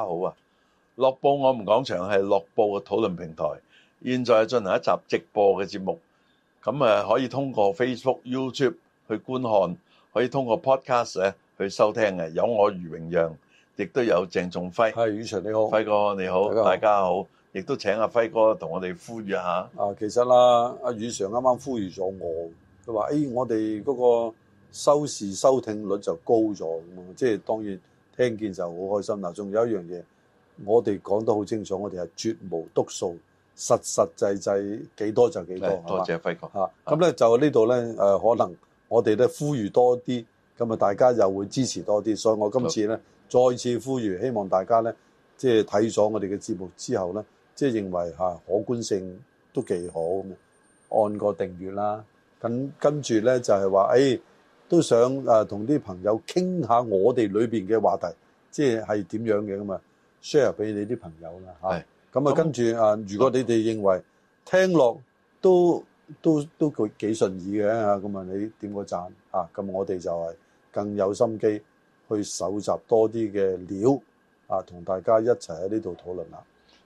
大家好啊！樂報我們講場係樂報嘅討論平台，現在進行一集直播嘅節目。咁啊，可以通過 Facebook、YouTube 去觀看，可以通過 Podcast 咧去收聽嘅。有我余榮讓，亦都有鄭仲輝。係宇常你好，輝哥你好，大家好。亦都請阿輝哥同我哋呼籲下。啊，其實啦，阿宇常啱啱呼籲咗我，佢話：誒，我哋嗰個收視收聽率就高咗，即係當然。聽見就好開心嗱，仲有一樣嘢，我哋講得好清楚，我哋係絕無篤數，實實際際幾多就幾多。對吧多謝輝哥嚇，咁咧就呢度咧誒，可能我哋咧呼籲多啲，咁啊大家又會支持多啲，所以我今次咧對再次呼籲，希望大家咧即係睇咗我哋嘅節目之後咧，即係認為嚇，可觀性都幾好，按個訂閱啦，咁跟住咧就係話誒。哎都想啊，同啲朋友傾下我哋裏邊嘅話題，即係點樣嘅咁啊，share 俾你啲朋友啦嚇。咁啊，跟住是啊，如果你哋認為聽落都都都幾順意嘅嚇，咁啊，你點個讚嚇，咁、啊、我哋就係更有心機去搜集多啲嘅料啊，同大家一齊喺呢度討論啦。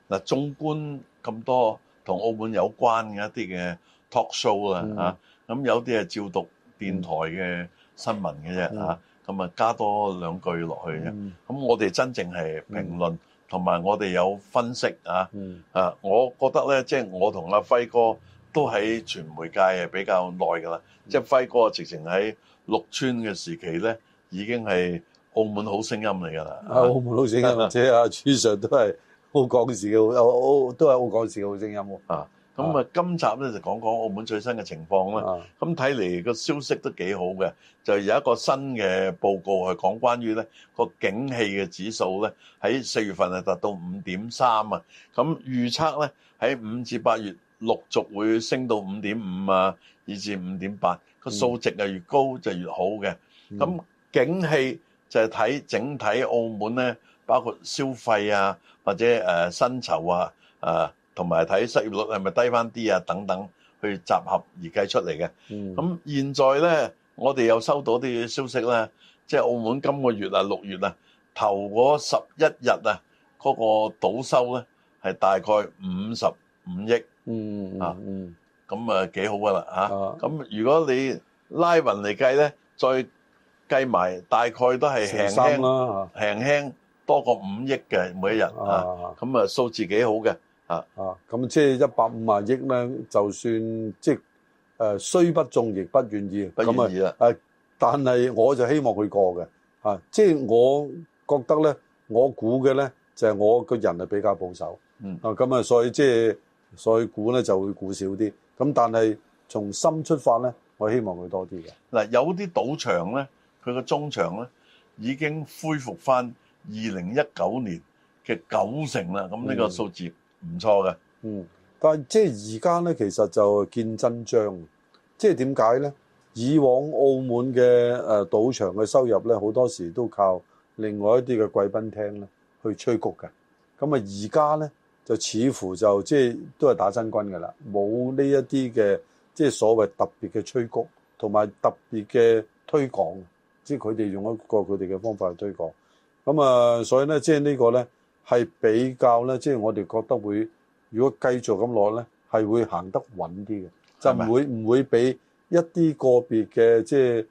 嗱、嗯，縱、啊、觀咁多同澳門有關嘅一啲嘅 talk show 啦、啊、嚇，咁有啲係照讀。電台嘅新聞嘅啫嚇，咁啊、嗯、加多兩句落去啫。咁、嗯、我哋真正係評論，同埋、嗯、我哋有分析啊。嗯、啊，我覺得咧，即、就、係、是、我同阿輝哥都喺傳媒界係比較耐㗎啦。即係、嗯、輝哥直情喺六村嘅時期咧，已經係澳門好聲音嚟㗎啦。啊，澳門好聲音啊，即係阿朱 Sir 都係澳港事嘅，都係澳港事嘅好聲音啊。咁啊，今集咧就講講澳門最新嘅情況啦。咁睇嚟個消息都幾好嘅，就有一個新嘅報告係講關於咧個景氣嘅指數咧，喺四月份係達到五點三啊。咁預測咧喺五至八月陸續會升到五點五啊，以至五點八。個數值係越高就越好嘅。咁景氣就係睇整體澳門咧，包括消費啊，或者誒薪酬啊，啊。同埋睇失業率係咪低返啲啊？等等去集合而計出嚟嘅。咁現在咧，我哋又收到啲消息咧，即係澳門今個月啊，六月啊，頭嗰十一日啊，嗰個賭收咧係大概五十五億。嗯嗯嗯。啊嗯。咁啊幾好㗎喇吓。哦。咁如果你拉勻嚟計咧，再計埋，大概都係輕輕啦，輕輕多過五億嘅每一日啊。啊啊。咁啊數字幾好嘅。啊咁即係一百五萬億咧，就算即係誒、呃，雖不中亦不願意，不願意啦。誒，但係我就希望佢過嘅吓、啊，即係我覺得咧，我估嘅咧就係、是、我個人係比較保守。嗯。啊，咁啊，所以即係所以估咧就會估少啲。咁但係從心出發咧，我希望佢多啲嘅。嗱，有啲賭場咧，佢個中場咧已經恢復翻二零一九年嘅九成啦。咁呢個數字。嗯唔錯嘅，嗯，但係即係而家咧，其實就見真章。即係點解咧？以往澳門嘅誒賭場嘅收入咧，好多時都靠另外一啲嘅貴賓廳咧去催谷嘅。咁、嗯、啊，而家咧就似乎就即係都係打真軍㗎啦，冇呢一啲嘅即係所謂特別嘅催谷，同埋特別嘅推廣。即係佢哋用一個佢哋嘅方法去推廣。咁、嗯、啊，所以咧，即係呢個咧。係比較咧，即係我哋覺得會，如果繼續咁攞咧，係會行得穩啲嘅嗎，就唔會唔會俾一啲個別嘅即係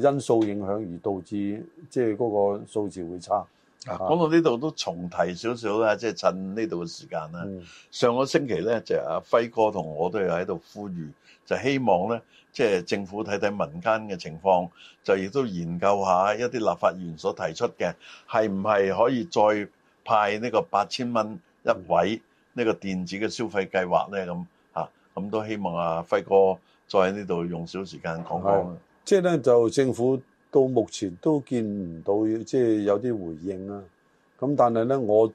誒因素影響而導致即係嗰個數字會差。講到呢度都重提少少啦，即係趁呢度嘅時間啦。嗯、上個星期咧，就係阿輝哥同我都係喺度呼籲，就希望咧，即係政府睇睇民間嘅情況，就亦都研究下一啲立法員所提出嘅係唔係可以再。派呢個八千蚊一位呢個電子嘅消費計劃咧，咁嚇咁都希望阿輝哥再喺呢度用少時間講講。即係咧，就政府到目前都見唔到，即係有啲回應啊。咁但係咧，我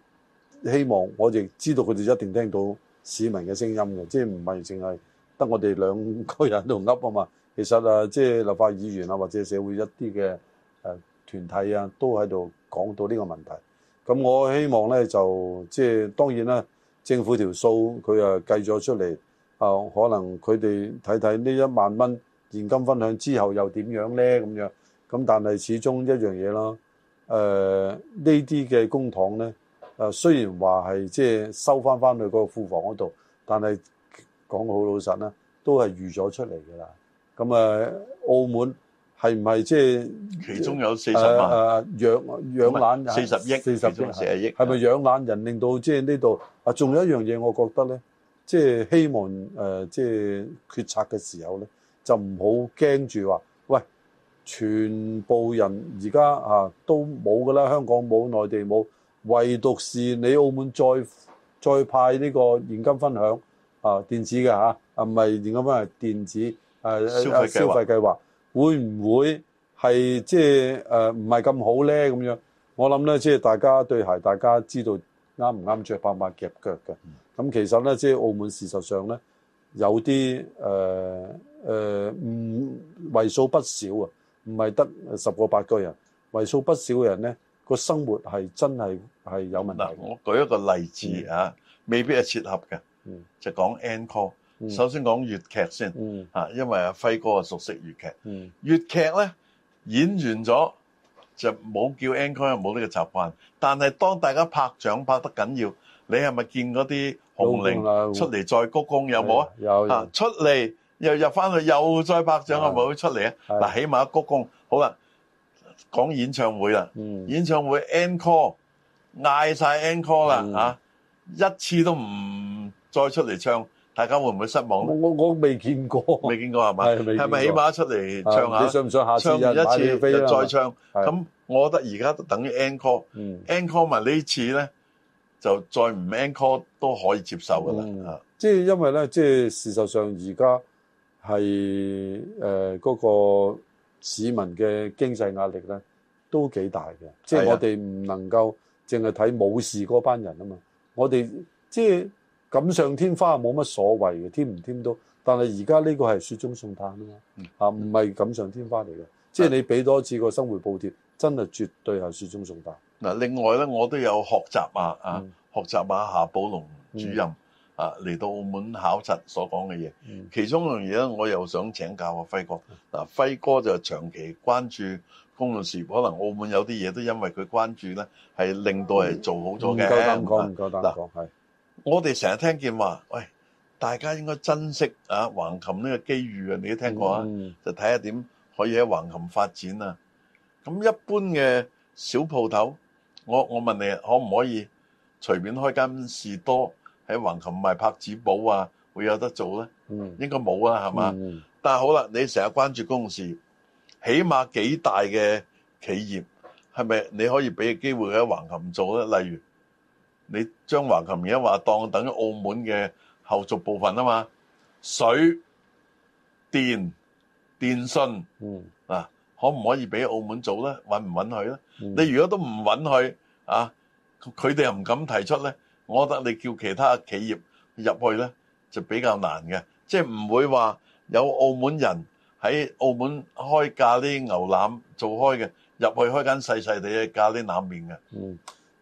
希望我亦知道佢哋一定聽到市民嘅聲音嘅，即係唔係淨係得我哋兩個人喺度噏啊嘛。其實啊，即係立法議員啊，或者社會一啲嘅誒團體啊，都喺度講到呢個問題。咁我希望咧就即係當然啦，政府條數佢誒計咗出嚟，啊、呃、可能佢哋睇睇呢一萬蚊現金分享之後又點樣咧咁樣，咁但係始終一樣嘢啦誒呢啲嘅公帑咧，啊、呃、雖然話係即係收翻翻去嗰個庫房嗰度，但係講好老實呢，都係預咗出嚟㗎啦，咁誒、呃、澳門。係唔係即係其中有四十萬？誒、啊、養養懶人四十億，四十億，四十億。係咪養懶人令到即係呢度？啊、就是，仲的有一樣嘢，我覺得咧，即、就、係、是、希望誒，即、呃、係、就是、決策嘅時候咧，就唔好驚住話，喂，全部人而家啊都冇㗎啦，香港冇，內地冇，唯獨是你澳門再再派呢個現金分享啊，電子嘅吓？啊唔係現金分享，電電子、啊、消費計劃。啊會唔會係即係誒唔係咁好咧咁樣？我諗咧即係大家對鞋，大家知道啱唔啱著，百百夾腳嘅。咁其實咧即係澳門事實上咧有啲誒誒唔為數不少啊，唔係得十個八個人，為數不少嘅人咧個生活係真係係有問題。嗱，我舉一個例子啊，未必係切合嘅，就講 end call。嗯、首先講粵劇先，嗯、因為阿輝哥啊熟悉粵劇，粵劇咧演完咗就冇叫 encore，冇呢個習慣。但係當大家拍掌拍得緊要，你係咪見嗰啲紅伶出嚟再鞠躬有冇啊？有啊，出嚟又入翻去又再拍掌係咪會出嚟啊？嗱是，起碼鞠躬好啦，講演唱會啦，嗯、演唱會 encore 嗌晒 encore 啦的、啊，一次都唔再出嚟唱。大家會唔會失望咧？我我未見過，未見過係咪？係未見過。係咪起碼出嚟唱下？你想唔想下次唱完一次，再唱？咁我覺得而家都等於 encore。encore 埋呢次咧，就再唔 encore 都可以接受㗎啦。啊，即係因為咧，即係事實上而家係誒嗰個市民嘅經濟壓力咧，都幾大嘅。即係我哋唔能夠淨係睇冇事嗰班人啊嘛。我哋即係。錦上添花冇乜所謂嘅，添唔添都。但係而家呢個係雪中送炭吖嘛，啊、嗯，唔係錦上添花嚟嘅。嗯、即係你俾多次個生活補貼，真係絕對係雪中送炭。嗱，另外咧，我都有學習啊啊，啊嗯、學習啊夏寶龍主任、嗯、啊嚟到澳門考察所講嘅嘢。嗯、其中一樣嘢咧，我又想請教阿、啊、輝哥。嗱、啊，輝哥就長期關注公共事業，嗯、可能澳門有啲嘢都因為佢關注咧，係令到人做好咗嘅。唔夠唔夠膽講，係。我哋成日聽見話，喂，大家應該珍惜啊橫琴呢個機遇啊，你都聽過啊？嗯、就睇下點可以喺橫琴發展啊。咁一般嘅小鋪頭，我我問你可唔可以隨便開間士多喺橫琴賣拍紙簿啊？會有得做咧？嗯、應該冇啦，係嘛？嗯、但係好啦，你成日關注公事，起碼幾大嘅企業係咪你可以俾個機會喺橫琴做咧？例如。你將橫琴而家話當等於澳門嘅後續部分啊嘛水，水電電信，嗯啊、可唔可以俾澳門做咧？允唔允許咧？嗯、你如果都唔允許啊，佢哋又唔敢提出咧，我覺得你叫其他企業入去咧就比較難嘅，即係唔會話有澳門人喺澳門開咖喱牛腩做開嘅，入去開間細細哋嘅咖喱腩麵嘅。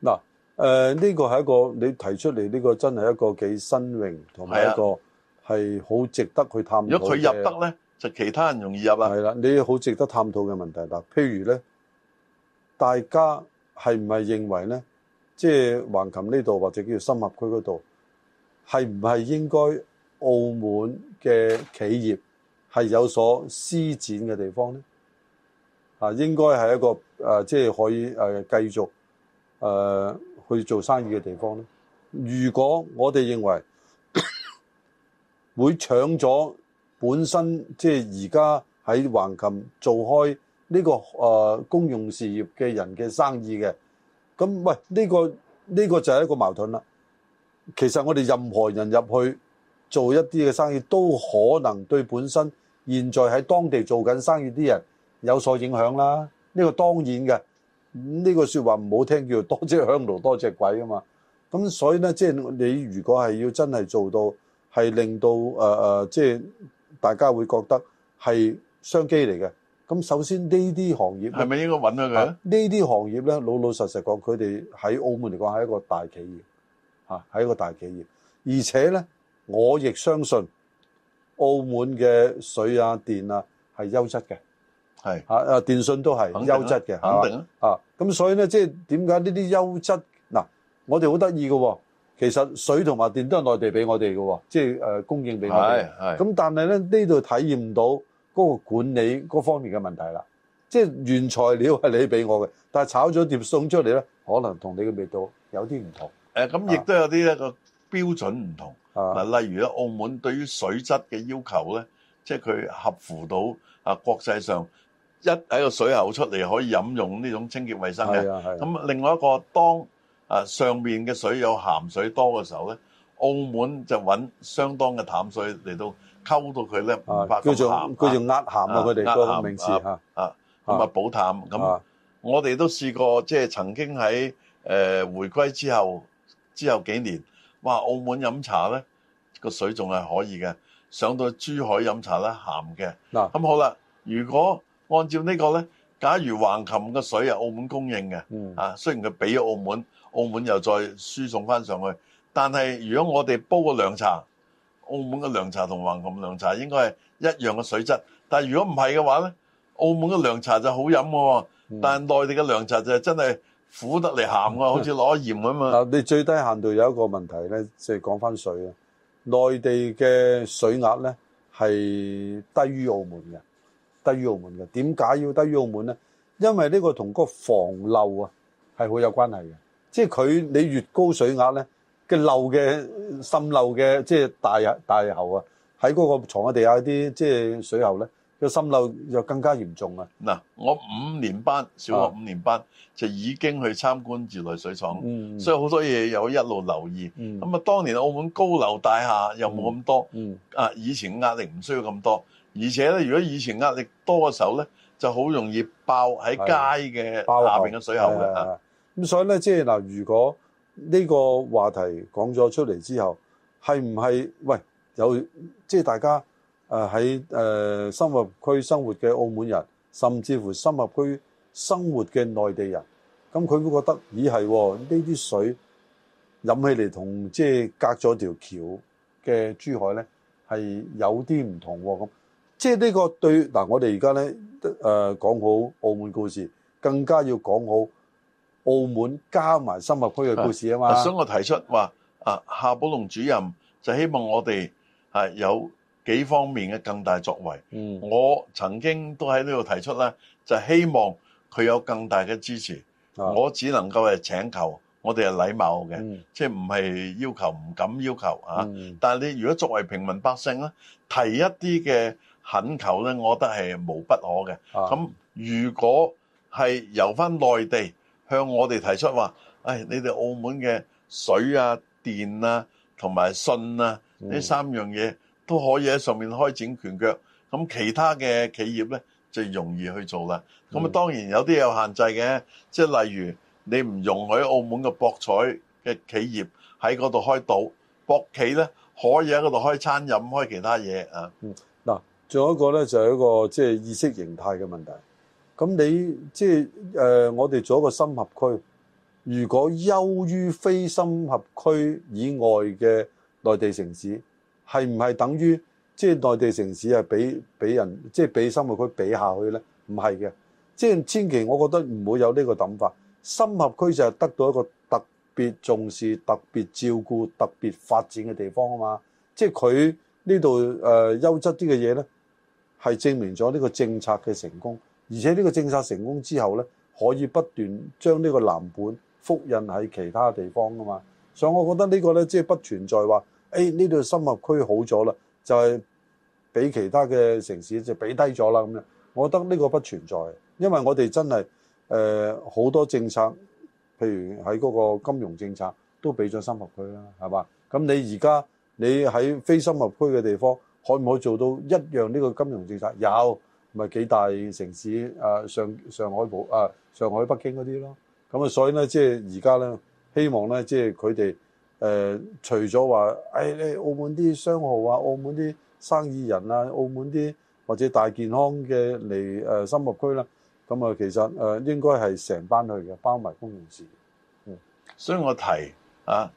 嗱、嗯。誒，呢、呃這個係一個你提出嚟呢、這個真係一個幾新穎同埋一個係好值得去探討。如果佢入得咧，就其他人容易入啦，係啦，你好值得探討嘅問題啦。譬如咧，大家係唔係認為咧，即係橫琴呢度或者叫深合區嗰度，係唔係應該澳門嘅企業係有所施展嘅地方咧？啊，應該係一個誒，即、呃、係、就是、可以誒、呃，繼續誒。呃去做生意嘅地方咧，如果我哋認為 會搶咗本身即係而家喺橫琴做開呢個、呃、公用事業嘅人嘅生意嘅，咁喂呢個呢個就係一個矛盾啦。其實我哋任何人入去做一啲嘅生意，都可能對本身現在喺當地做緊生意啲人有所影響啦。呢個當然嘅。呢個說話唔好聽，叫做多隻香爐多隻鬼啊嘛！咁所以呢，即係你如果係要真係做到，係令到誒、呃、即係大家會覺得係商機嚟嘅。咁首先呢啲行業係咪應該揾啊？佢呢啲行業呢，老老實實講，佢哋喺澳門嚟講係一個大企業，吓、啊、係一，、啊、一個大企業。而且呢，我亦相信澳門嘅水啊、電啊係優質嘅。係啊，誒電信都係優質嘅，肯定啊！定啊，咁、啊啊啊、所以咧，即係點解呢啲優質嗱？我哋好得意嘅，其實水同埋電都係內地俾我哋嘅、啊，即、就、係、是呃、供應俾我哋。咁、嗯、但係咧，呢度體驗到嗰個管理嗰方面嘅問題啦。即係原材料係你俾我嘅，但係炒咗碟餸出嚟咧，可能同你嘅味道有啲唔同、啊。咁亦都有啲一個標準唔同啊。嗱、啊，例如咧，澳門對於水質嘅要求咧，即係佢合符到啊國際上。一喺個水喉出嚟可以飲用呢種清潔衞生嘅。咁另外一個當啊上面嘅水有鹹水多嘅時候咧，澳門就揾相當嘅淡水嚟到溝到佢咧，唔怕佢咁鹹，佢就壓鹹啊，佢哋個名詞嚇，啊咁啊補淡，咁我哋都試過，即係曾經喺誒回歸之後之後幾年，哇！澳門飲茶咧，個水仲係可以嘅，上到珠海飲茶咧，鹹嘅，嗱咁好啦，如果按照呢個咧，假如橫琴嘅水係澳門供應嘅，啊、嗯、雖然佢俾咗澳門，澳門又再輸送翻上去，但係如果我哋煲個涼茶，澳門嘅涼茶同橫琴涼茶應該係一樣嘅水質，但係如果唔係嘅話咧，澳門嘅涼茶就好飲喎，嗯、但係內地嘅涼茶就真係苦得嚟鹹喎，好似攞鹽咁啊！ 你最低限度有一個問題咧，即係講翻水啊，內地嘅水壓咧係低於澳門嘅。低於澳門嘅，點解要低於澳門咧？因為呢個同個防漏啊，係好有關係嘅。即係佢你越高水壓咧，嘅漏嘅滲漏嘅，即係大大喉啊，喺嗰個床喺地下啲，即係水喉咧嘅滲漏就更加嚴重啊！嗱，我五年班小學五年班就已經去參觀自來水廠，啊、所以好多嘢有一路留意。咁啊，嗯嗯、當年我澳門高樓大廈又冇咁多，嗯嗯、啊以前嘅壓力唔需要咁多。而且咧，如果以前壓力多嘅時候咧，就好容易爆喺街嘅爆下面嘅水口嘅。咁所以咧，即係嗱，如果呢個話題講咗出嚟之後，係唔係喂，有即係大家誒喺誒深合區生活嘅澳門人，甚至乎深合區生活嘅內地人，咁佢會覺得咦係呢啲水飲起嚟同即係隔咗條橋嘅珠海咧係有啲唔同咁。即係呢個對嗱，我哋而家咧誒講好澳門故事，更加要講好澳門加埋深物區嘅故事啊嘛。所以，我提出話啊，夏寶龍主任就希望我哋係有幾方面嘅更大作為。嗯，我曾經都喺呢度提出啦，就希望佢有更大嘅支持。啊、我只能夠係請求，我哋係禮貌嘅，嗯、即係唔係要求，唔敢要求啊。嗯、但係你如果作為平民百姓咧，提一啲嘅。肯求咧，我覺得係無不可嘅。咁如果係由翻內地向我哋提出話，唉、哎，你哋澳門嘅水啊、電啊同埋信啊呢三樣嘢都可以喺上面開展拳腳。咁其他嘅企業咧就容易去做啦。咁啊，當然有啲有限制嘅，即係例如你唔容許澳門嘅博彩嘅企業喺嗰度開賭，博企咧可以喺嗰度開餐飲、開其他嘢啊。仲有一個咧，就係、是、一個即係、就是、意識形態嘅問題。咁你即係誒，我哋做一個深合區，如果優於非深合區以外嘅內地城市，係唔係等於即係、就是、內地城市係畀畀人即係、就是、畀深合區比下去咧？唔係嘅，即、就、係、是、千祈我覺得唔會有呢個諗法。深合區就係得到一個特別重視、特別照顧、特別發展嘅地方啊嘛。即係佢呢度誒優質啲嘅嘢咧。係證明咗呢個政策嘅成功，而且呢個政策成功之後呢，可以不斷將呢個藍本複印喺其他地方㗎嘛。所以我覺得呢個呢，即係不存在話，誒呢度深合區好咗啦，就係比其他嘅城市就比低咗啦咁樣。我覺得呢個不存在，因為我哋真係誒好多政策，譬如喺嗰個金融政策都俾咗深合區啦，係嘛？咁你而家你喺非深合區嘅地方。可唔可以做到一樣呢個金融政策？有咪幾大城市、啊、上上海浦啊，上海、北京嗰啲咯。咁啊，所以咧，即係而家咧，希望咧，即係佢哋誒，除咗話誒，你、哎、澳門啲商號啊，澳門啲生意人啊，澳門啲或者大健康嘅嚟誒深業區啦，咁、嗯、啊，其實誒、呃、應該係成班去嘅，包埋公共事。嗯，所以我提啊，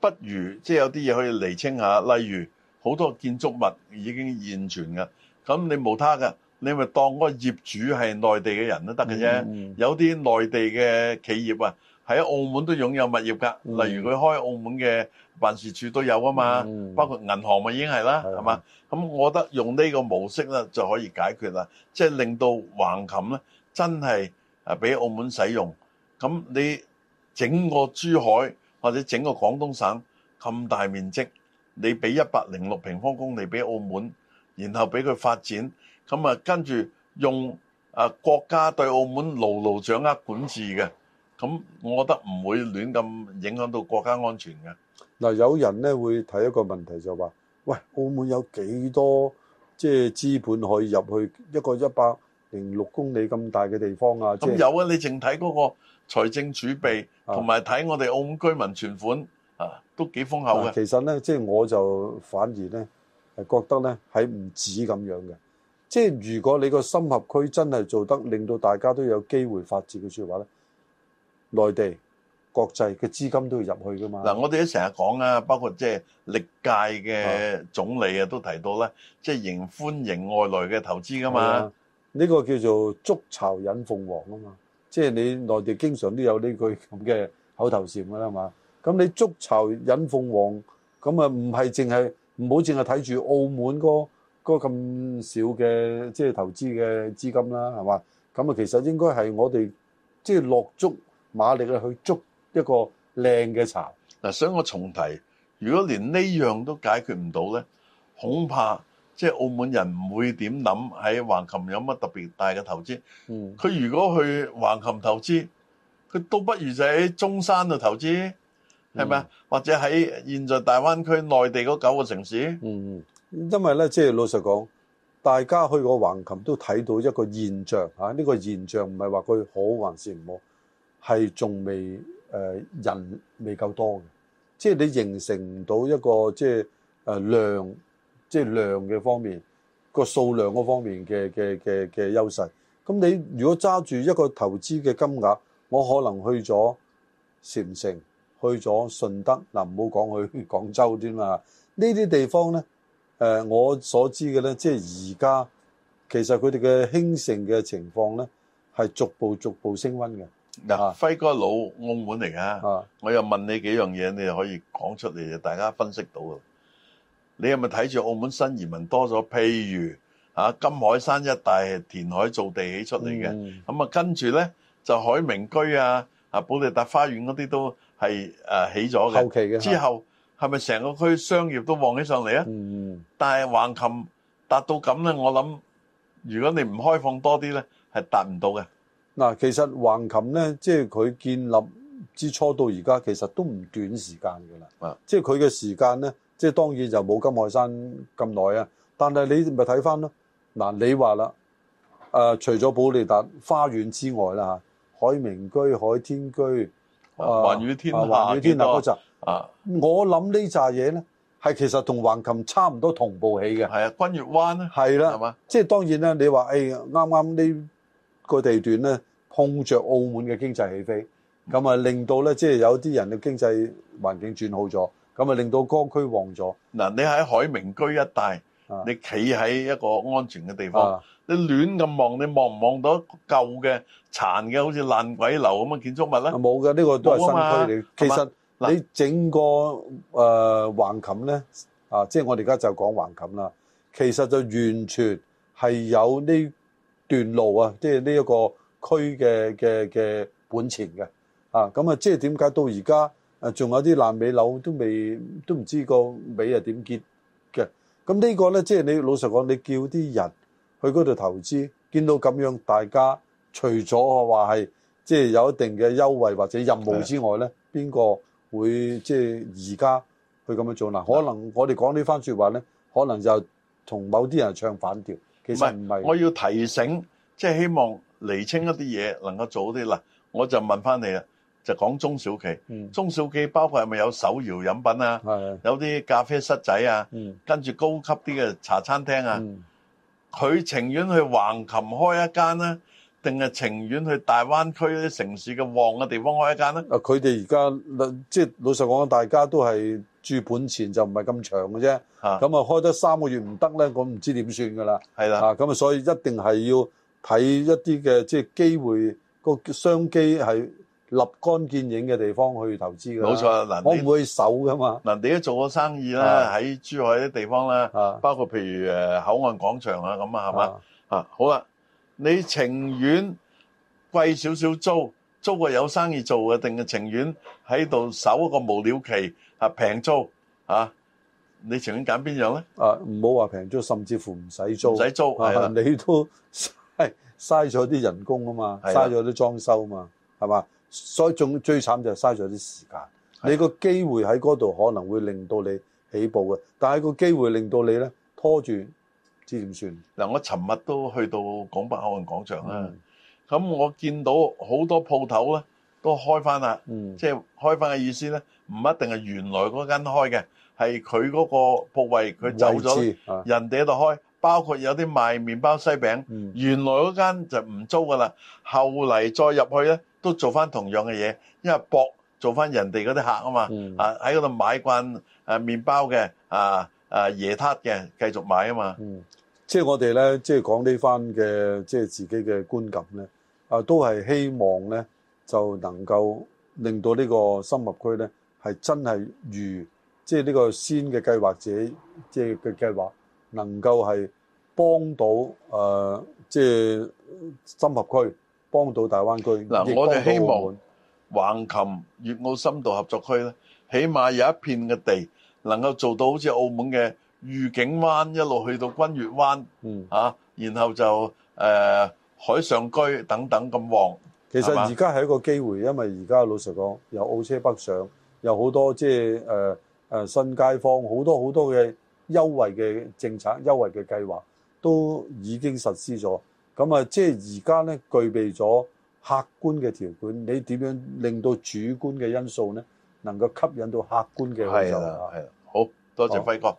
不如即係、就是、有啲嘢可以釐清下，例如。好多建築物已經現存嘅，咁你冇他嘅，你咪當嗰個業主係內地嘅人都得嘅啫。有啲內地嘅企業啊，喺澳門都擁有物業噶，例如佢開澳門嘅辦事處都有啊嘛，包括銀行咪已經係啦，係嘛？咁我覺得用呢個模式咧就可以解決啦，即係令到橫琴咧真係誒俾澳門使用。咁你整個珠海或者整個廣東省咁大面積。你俾一百零六平方公里俾澳門，然後俾佢發展，咁啊跟住用啊國家對澳門牢牢掌握管治嘅，咁我覺得唔會亂咁影響到國家安全嘅。嗱，有人咧會睇一個問題就話：喂，澳門有幾多即係資本可以入去一個一百零六公里咁大嘅地方啊？咁有啊！你淨睇嗰個財政儲備，同埋睇我哋澳門居民存款。都幾豐厚嘅。其實咧，即係我就反而咧係覺得咧係唔止咁樣嘅。即係如果你個深合區真係做得令到大家都有機會發展嘅説話咧，內地國際嘅資金都要入去噶嘛。嗱，我哋都成日講啊，包括即係歷屆嘅總理啊都提到咧，即係迎歡迎外來嘅投資噶嘛。呢個叫做築巢引鳳凰啊嘛。即係你內地經常都有呢句咁嘅口頭禪㗎啦嘛。咁你捉巢引鳳凰，咁啊唔係淨係唔好淨係睇住澳門嗰咁少嘅即係投資嘅資金啦，係嘛？咁啊其實應該係我哋即係落足馬力去捉一個靚嘅巢。嗱，所以我重提，如果連呢樣都解決唔到咧，恐怕即係、就是、澳門人唔會點諗喺橫琴有乜特別大嘅投資。嗯，佢如果去橫琴投資，佢都不如就喺中山度投資。係咪啊？或者喺現在大灣區內地嗰九個城市。嗯嗯，因為咧，即係老實講，大家去過橫琴都睇到一個現象嚇。呢、啊呢個現象唔係話佢好還是唔好，係仲未誒、呃、人未夠多嘅，即係你形成唔到一個即係誒量，即係量嘅方面個數量嗰方面嘅嘅嘅嘅優勢。咁你如果揸住一個投資嘅金額，我可能去咗禪城。去咗順德嗱，唔好講去廣州添啦。呢啲地方咧，誒我所知嘅咧，即係而家其實佢哋嘅興盛嘅情況咧，係逐步逐步升溫嘅。嗱，輝哥老澳門嚟噶，我又問你幾樣嘢，你就可以講出嚟，大家分析到嘅。你係咪睇住澳門新移民多咗？譬如啊金海山一帶填海造地起出嚟嘅，咁啊跟住咧就海明居啊、啊保利達花園嗰啲都。係誒起咗嘅。後期嘅之後係咪成個區商業都旺起上嚟啊？嗯，但係橫琴達到咁咧，我諗如果你唔開放多啲咧，係達唔到嘅。嗱，其實橫琴咧，即係佢建立之初到而家，其實都唔短時間噶啦，啊。啊，即係佢嘅時間咧，即係當然就冇金海山咁耐啊。但係你咪睇翻。咯嗱，你話啦，誒，除咗保利達花園之外啦吓，啊，海明居、海天居。寰宇天下，寰宇天下嗰集啊！啊我諗呢扎嘢咧，係其實同橫琴差唔多同步起嘅。係啊，君悅灣咧，係啦的，係嘛吧？即係當然啦。你話誒，啱啱呢個地段咧，碰着澳門嘅經濟起飛，咁啊、嗯、令到咧，即、就、係、是、有啲人嘅經濟環境轉好咗，咁啊令到光區旺咗。嗱，你喺海明居一帶，你企喺一個安全嘅地方。啊啊你亂咁望，你望唔望到舊嘅殘嘅，好似爛鬼樓咁嘅建築物咧？冇嘅，呢、這個都係新區嚟。其實吧你整個誒、呃、橫琴咧啊，即係我哋而家就講橫琴啦。其實就完全係有呢段路啊，即係呢一個區嘅嘅嘅本錢嘅啊。咁啊，即係點解到而家誒仲有啲爛尾樓都未都唔知尾、啊這個尾係點結嘅？咁呢個咧，即係你老實講，你叫啲人。去嗰度投資，見到咁樣，大家除咗話係即係有一定嘅優惠或者任務之外咧，邊個是的 會即係而家去咁樣做？嗱，是的 可能我哋講呢番説話咧，可能就同某啲人唱反調。其實唔係，我要提醒，即係希望釐清一啲嘢能夠早啲喇。我就問翻你啦，就講中小企，嗯、中小企包括係咪有手搖飲品啊？是的 有啲咖啡室仔啊，嗯、跟住高級啲嘅茶餐廳啊。嗯佢情願去橫琴開一間呢，定係情願去大灣區啲城市嘅旺嘅地方開一間呢？啊！佢哋而家即係老實講，大家都係住本錢就唔係咁長嘅啫。咁啊，開得三個月唔得呢，我唔知點算㗎啦。係啦的。咁啊，所以一定係要睇一啲嘅即係機會個商機係。立竿見影嘅地方去投資嘅，冇錯嗱。我唔會守噶嘛。嗱，你都做過生意啦，喺珠海啲地方咧，包括譬如誒口岸廣場啊咁啊，係嘛？啊，好啦，你情願貴少少租，租個有生意做嘅，定係情願喺度守一個無了期啊？平租啊？你情願揀邊樣咧？啊，唔好話平租，甚至乎唔使租，唔使租，你都嘥嘥咗啲人工啊嘛，嘥咗啲裝修啊嘛，係嘛？所以仲最慘就係嘥咗啲時間，你個機會喺嗰度可能會令到你起步嘅，但係個機會令到你咧拖住，知點算？嗱，我尋日都去到拱北口岸廣場啊，咁、嗯、我見到好多鋪頭咧都開翻啦，即係、嗯、開翻嘅意思咧，唔一定係原來嗰間開嘅，係佢嗰個鋪位佢走咗，了知人哋喺度開。包括有啲賣麵包西餅，原來嗰間就唔租噶啦，後嚟再入去咧都做翻同樣嘅嘢，因為博做翻人哋嗰啲客啊嘛，啊喺嗰度買慣誒麵包嘅啊啊椰撻嘅繼續買啊嘛，即係我哋咧即係講呢番嘅即係自己嘅觀感咧，啊都係希望咧就能夠令到呢個深入區咧係真係如即係呢個先嘅計劃者即係嘅計劃能夠係。幫到誒，即、呃、係、就是、深合區幫到大灣區。嗱喏，我哋希望橫琴粵澳深度合作區咧，起碼有一片嘅地能夠做到好似澳門嘅御景灣一路去到君悅灣，嗯、啊、然後就誒、呃、海上居等等咁旺。其實而家係一個機會，因為而家老實講，有澳車北上，有好多即係誒誒新街坊，好多好多嘅優惠嘅政策、優惠嘅計劃。都已經實施咗，咁啊，即係而家咧，具備咗客觀嘅條款，你點樣令到主觀嘅因素咧，能夠吸引到客觀嘅因素？係啦，係啦，好多謝輝哥。哦。